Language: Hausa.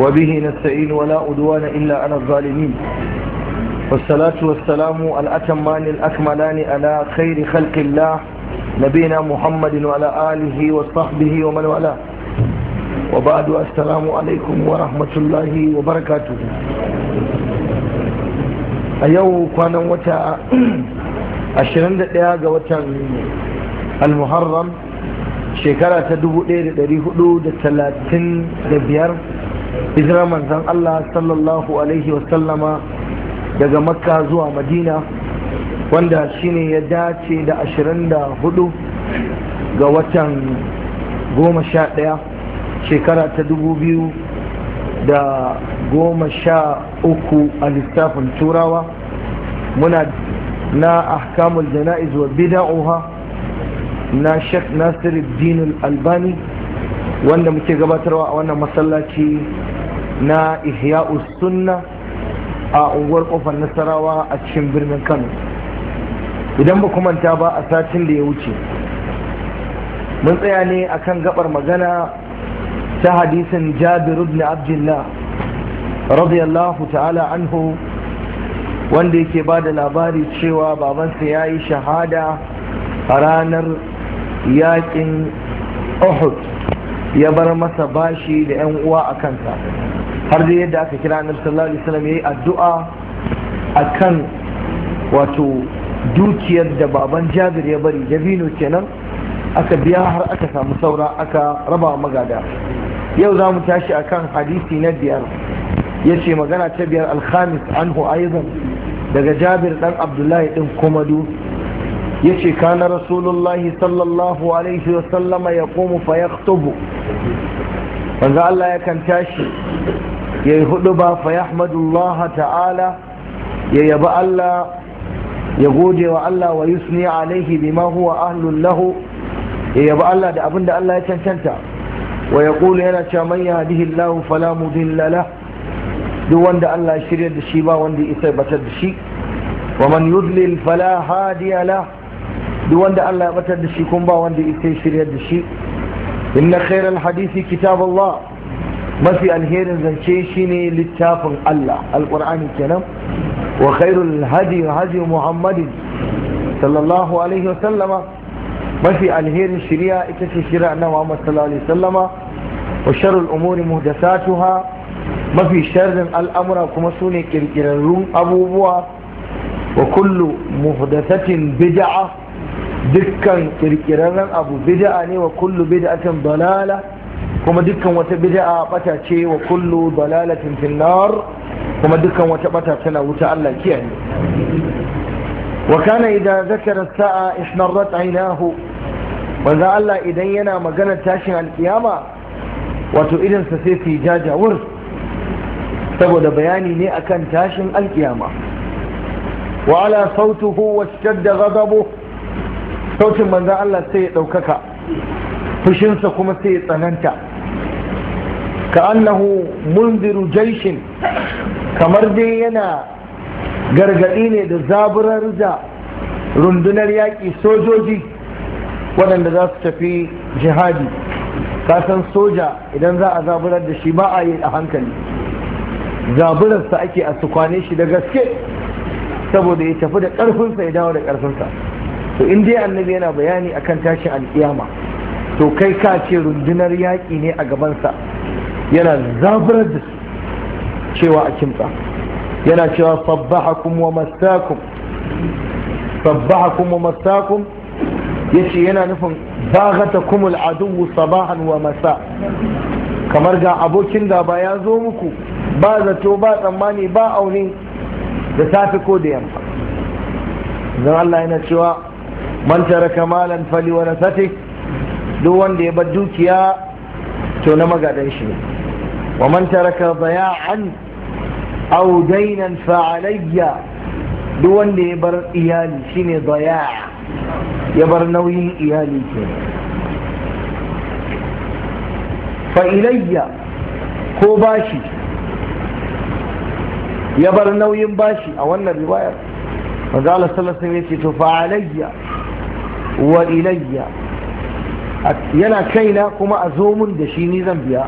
وبه نستعين ولا أدوان إلا على الظالمين والصلاة والسلام الأتمان الأكملان على خير خلق الله نبينا محمد وعلى آله وصحبه ومن والاه وبعد السلام عليكم ورحمة الله وبركاته أيوه كان وتا أشرند لها وتا المحرم shekara ta 1435 hijira manzan Allah sallallahu alaihi wasallama daga makka zuwa madina wanda shine ya dace da 24 ga watan 11 shekara ta 2000 da goma sha uku a lissafin turawa muna na ahkamul jana'iz wa bida'uha na shek nasiruddin albani wanda muke gabatarwa a wannan masallaci na Ihya sunna a unguwar kofar nasarawa a cikin birnin kano idan ba manta ba a satin da ya wuce mun tsaya ne a kan gabar magana ta hadisin Jabiru na abdullah radiyallahu ta'ala anhu wanda yake ba da labari cewa babansa ya yi shahada a ranar yakin uhud ya bar masa bashi da 'yan uwa a kansa har dai yadda aka kira annabi sallallahu alaihi wasallam yayi addu'a akan wato dukiyar da baban Jabir ya bari dabino kenan aka biya har aka samu saura aka raba magada yau za mu tashi akan hadisi na biyar ya ce magana ta biyar alhamis anhu aizan daga jabir dan abdullahi din komadu yace kana rasulullahi sallallahu alaihi wa sallama yaqumu fa yaktubu Wanzu Allah ya kan tashi ya yi hudu ba fa yahmadullah ta'ala ya yaba Allah ya gode wa Allah wa yusni alaihi bima huwa ahlun lahu ya yaba Allah da abinda Allah ya cancanta wa ya yaqulu yana cewa man yahdihillahu fala mudilla lahu duk wanda Allah shirya da shi ba wanda ya isa batar da shi wa man yudlil fala hadiya la duk wanda Allah ya batar da shi kun ba wanda ita shiryar da shi inna khairal hadisi kitab Allah mafi alherin zance shine littafin Allah alqur'ani kenan wa khairul hadi hadi muhammadin sallallahu alaihi wa sallama mafi alherin shiriya ita ce shiriya na Muhammad sallallahu alaihi sallama wa sharul umuri muhdathatuha mafi sharrin al'amura kuma sune kirkirarrun abubuwa wa kullu muhdathatin bid'a dukkan kirkirarren abu bid'a ne wa kullu bid'atin dalala kuma dukkan wata bid'a bata ce wa kullu dalalatin finnar kuma dukkan wata bata tana wuta Allah kiyaye wa kana idza zakara sa'a ishnarrat aynahu wanda Allah idan yana magana tashin alkiyama wato idan sa sai su jajawur saboda bayani ne akan tashin alkiyama wa ala sautuhu washtadda ghadabuhu saukin manzan Allah sai ya ɗaukaka fushinsa kuma sai ya tsananta ka annahu ziru jaishin kamar dai yana gargaɗi ne da zaburar da rundunar yaƙi sojoji waɗanda za su tafi jihadi kasan soja idan za a zaburar da shi ba a yi a hankali zaburarsa ake a su kwane shi da gaske saboda ya tafi da ƙarfinsa ya dawo da ƙarfinsa to in dai annabi yana bayani akan tashin alkiyama to kai ka ce rundunar yaƙi ne a gabansa yana zaburar da cewa a kimtsa yana cewa sabbahakum wa mastakum sabbahakum wa mastakum yace yana nufin baghatakum al'adu sabahan wa masa kamar ga abokin gaba ya zo muku ba zato ba tsammani ba auni da safe ko da yamma dan Allah yana cewa man taraka malan fali warasati duk wanda ya bar dukiya to na magadan shi wa man taraka daya'an aw daynan fa alayya duk wanda ya bar iyali shine daya'a ya bar nauyin iyali ke fa ilayya ko bashi ya bar nauyin bashi a wannan riwayar manzo Allah sallallahu alaihi wasallam ya ce to fa wa ilayya yana kaina kuma a zo mun da shi ni zan biya